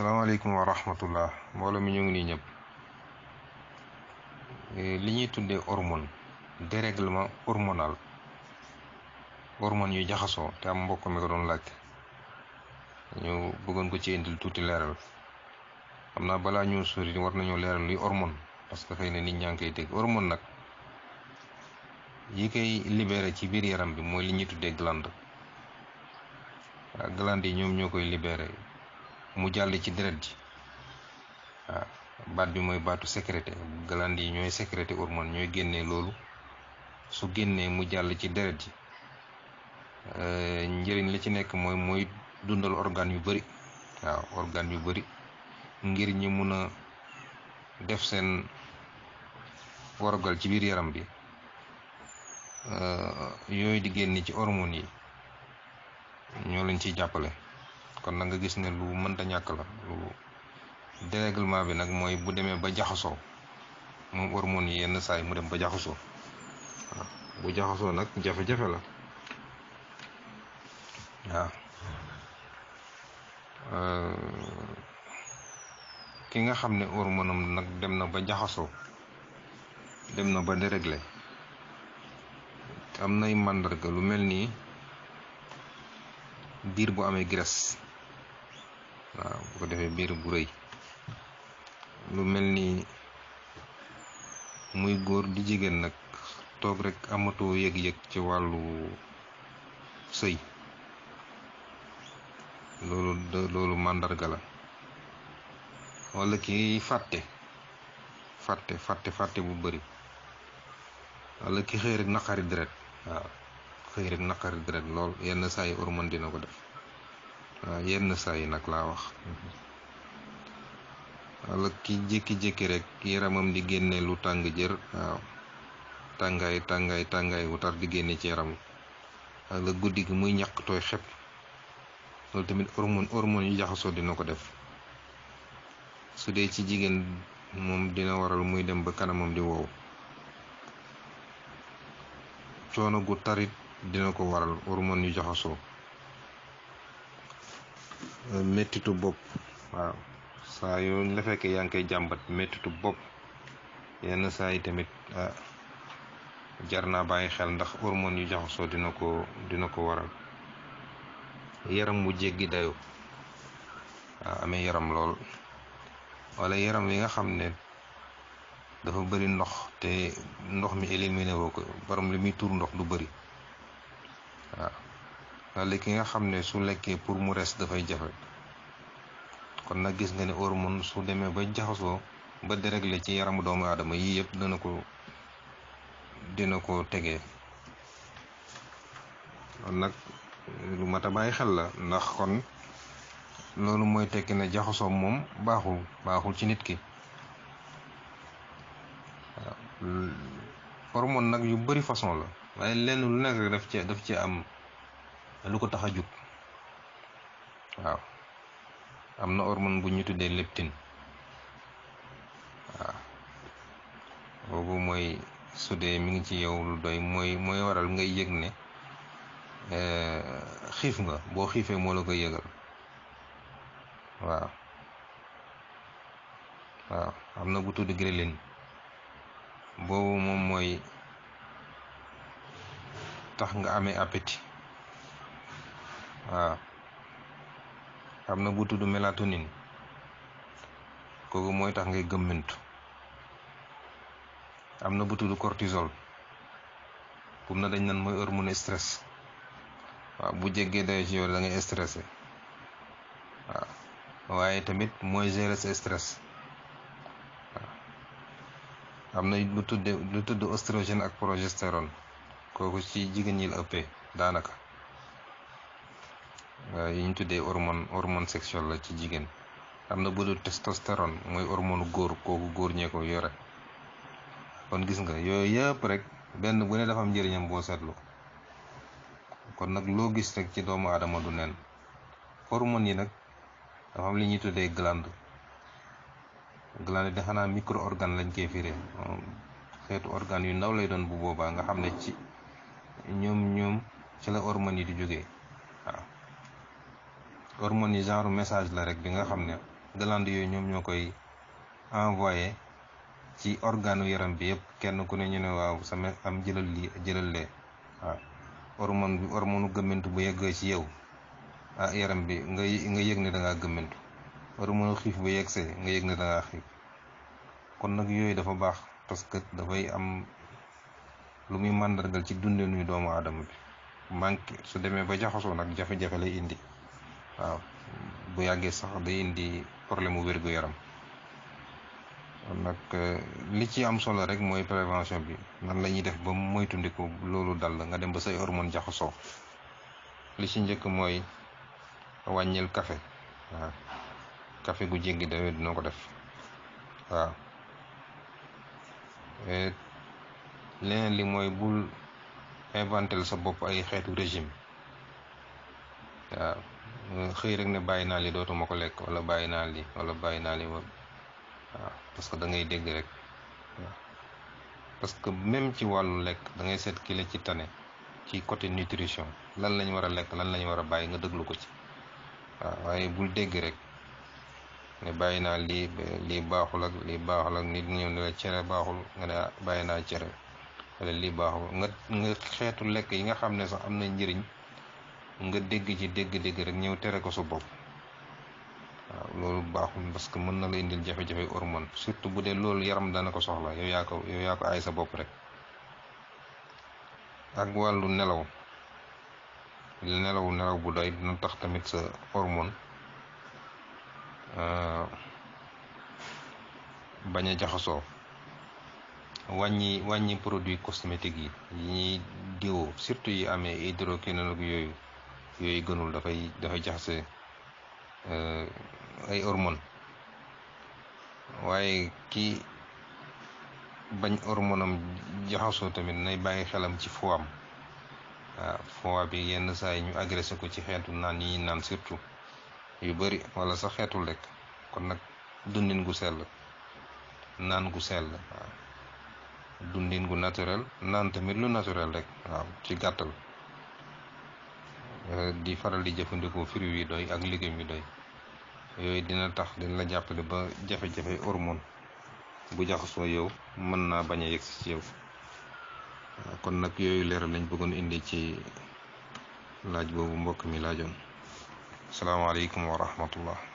asalaamaaleykum wa rahmatullah mbooloo mi ñu ngi nii ñëpp eh, li ñuy tuddee hormone dérèglement hormonal hormone yu jaxasoo te am mbokk mi ko doon laajte ñu bëggoon ko ci indil tuuti leeral xam naa balaa ñu sori war nañoo leeral luy hormone parce que xëy na nit ñaa ngi koy dégg hormone nag yi koy libéré ci biir yaram bi mooy li ñuy tuddee glande glande yi ñoom ñoo koy libéré mu jàll ci deret ji waaw ah, baat bi mooy baatu sécrété glande yi ñooy sécrété hormone ñooy génnee loolu su génnee mu jàll ci deret ji eh, njëriñ la ci nekk mooy mooy dundal organe yu bari waaw organe yu bari ngir ñi mun a def seen warugal ci biir yaram bi eh, yooyu di génn ci hormone yi ñoo leen ciy jàppale kon na nga gis ne lu mënta ñàkk la lu dérèglement bi nag mooy bu demee ba jaxasoo moom hormone yi yenn saa mu dem ba jaxasoo bu jaxasoo nag jafe-jafe la waaw euh, ki nga xam ne hormone nag dem na ba jaxasoo dem na ba déréglé am nay màndarga lu mel nii diir bu amee graisse waaw bu ko defee biir bu rëy lu mel ni muy góor di jigéen nag toog rekk amatoo yëg-yëg ci wàllu sëy loolu loolu màndarga la wala ki fàtte fàtte fàtte fàtte bu bëri wala ki xëy rek naqari deret waaw xëy rek naqari deret lool yenn saa yi hormone dina ko def waaw yenn saa yi nag laa wax wala ki jékki-jékki rek yaramam di génne lu tàng jër waaw tàngaay tàngaay tàngaay wu tar di génne ci yaram wala guddi gi muy ñàkk tooy xepp loolu tamit hormone hormone yu jaxasoo dina ko def su dee ci jigéen moom dina waral muy dem ba kanamam di wow coono gu tarit dina ko waral hormone yu jaxasoo Euh, méttitu bopp waaw saa yoo la fekkee yaa ngi koy jàmbat méttitu bopp yenn saa yi tamit ah, jar na bàyyi xel ndax hormone yu jaxasoo dina ko dina ko waral yaram mu jéggi dayo waaw amee yaram lool wala yaram wi nga xam ne dafa bari ndox te ndox mi éliminé woo ko borom li muy tur ndox du bari li ki nga xam ne su lekkee pour mu res dafay jafe kon nag gis nga ne hormone su demee ba jaxasoo ba déréglé ci yaramu doomu aadama yii yëpp dana ko dina ko tegee kon nag eh, lu mat a bàyyi xel la ndax kon loolu mooy tekki ne jaxasoo moom baaxul baaxul ci nit ki waaw hormone nag yu bari façon la waaye lenn lu nekk daf ci daf ci am lu ko tax a jug waaw am na hormone bu ñu tuddee leptine waaw boobu mooy su mi ngi ci yow lu doy mooy mooy waral ngay yëg ne eh, xiif nga boo xiifee moo la koy yëgal waaw waaw am na bu tudd ghrelin boobu moom mooy tax nga amee appétit waa ah. am na bu tudd mélatonine kooku mooy tax ngay gëmmintu am na bu tudd cortisol bu na dañ nan mooy hormone stress waaw bu jéggee dayo ci yow da ngay stressé waaw waaye tamit mooy gérer sa stress waaw am na bu tudde lu tudd oestrogène ak progestérone kooku ci jigéen ñi la ëppee daanaka Euh, yi ñu tuddee hormone hormone sexuelle la ci jigéen am na bu dul testostérone mooy hormone góor kooku góor ñee ko yore kon gis nga yooyu yëpp rek benn bu ne dafa am boo seetlu kon nag loo gis rek ci doomu aadama du neen hormone yi nag dafa li ñuy tuddee glande glande di xanaa micro organ lañ koy firee xeetu organe yu ndaw lay doon bu boobaa nga xam ne ci ñoom ñoom ci la hormone yi di jóge hormones yi genre message la rek bi nga xam ne glande yooyu ñoom ñoo koy envoyé ci organu yaram bi yëpp kenn ku ne ñu ne waaw sama am jëlal lii jëlal lee waaw hormone bi hormonu gëmmentu bu yeggee ci yow ah yaram bi nga nga yëg ne da ngaa gëmmentu hormonu xiif bu yeggsee nga yëg ne da ngaa xiif kon nag yooyu dafa baax parce que dafay am lu muy màndargal ci dunde nuy doomu aadama bi manque su demee ba jaxasoo nag jafe-jafe lay indi waaw bu yàggee sax day indi problème mu wér-gu-yaram kon nag euh, li ci am solo rek mooy prévention bi nan la ñuy def ba mu moytundiku loolu dal nga dem ba say hormone jaxasoo li ci njëkk mooy wàññil kafe waaw café gu jéggi dawee dina ko def waaw leneen li mooy bul inventel sa bopp ay xeetu régime waaw Euh, xëy rek ne bàyyi naa li dootuma ko lekk wala bàyyi naa li wala bàyyi naa li waaw parce que dangay dégg rek parce que même ci wàllu lekk da ngay seet ki ci tane ci côté nutrition lan lañu war a lekk lan lañ war a bàyyi nga déglu ko ci waaw waaye bul dégg rek ne bàyyi naa lii lii baaxul ak lii baaxul ak nit ñëw ne cere baaxul nga ne ah, bàyyi naa cere wala lii baaxul nga nga xeetu lekk yi nga xam ne sax am na njëriñ nga dégg ci dégg-dégg rek ñëw tere ko sa bopp waaw loolu baaxul parce que mën na la indil jafe-jafe hormone surtout bu dee loolu yaram dana ko soxla yow yaa ko yow yaa ko aay sa bopp rek ak wàllu nelaw nelaw nelaw bu doy dina tax tamit sa hormone euh, bañ a jaxasoo wàññi wàññi produit cosmétique yi yi ñuy diwoo surtout yi amee hydroquinone yooyu yooyu gënul dafay dafay jaxase eh, ay hormone waaye kii bañ hormone jaxasoo tamit nay bàyyi xelam ci foam waaw ah, foie bi yenn saa yi ñu agressé ko ci xeetu naan yi naan surtout yu bari walla sax xeetul rek kon nag dundin gu sell naan gu sell waaw dundin gu naturel naan tamit lu naturel rek waaw ci gàttal Euh, di faral di jëfandikoo fruits yi doy ak légumes yi doy yooyu dina tax dina la jàppale ba jafe-jafe hormone bu jaxasoo yow mën naa bañ a yegsi ci yow euh, kon nag yooyu leeral lañ bëggoon indi ci laaj boobu mbokk mi laajoon salaamaaleykum wa rahmatullah